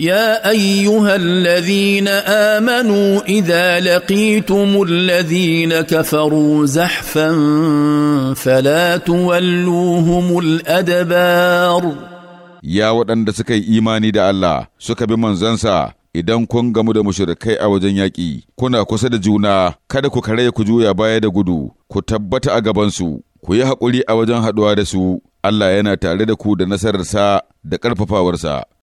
يا ايها الذين امنوا اذا لقيتم الذين كفروا زحفا فلا تولوهم الادبار يا waɗanda suka yi imani da Allah suka bi manzansa idan kun gamu da mushrikai a wajen yaƙi kuna kusa da juna kada ku kare ku juya baya da gudu ku tabbata a gabansu ku yi haƙuri a wajen haɗuwa da su Allah yana tare da ku da nasararsa da ƙarfafawarsa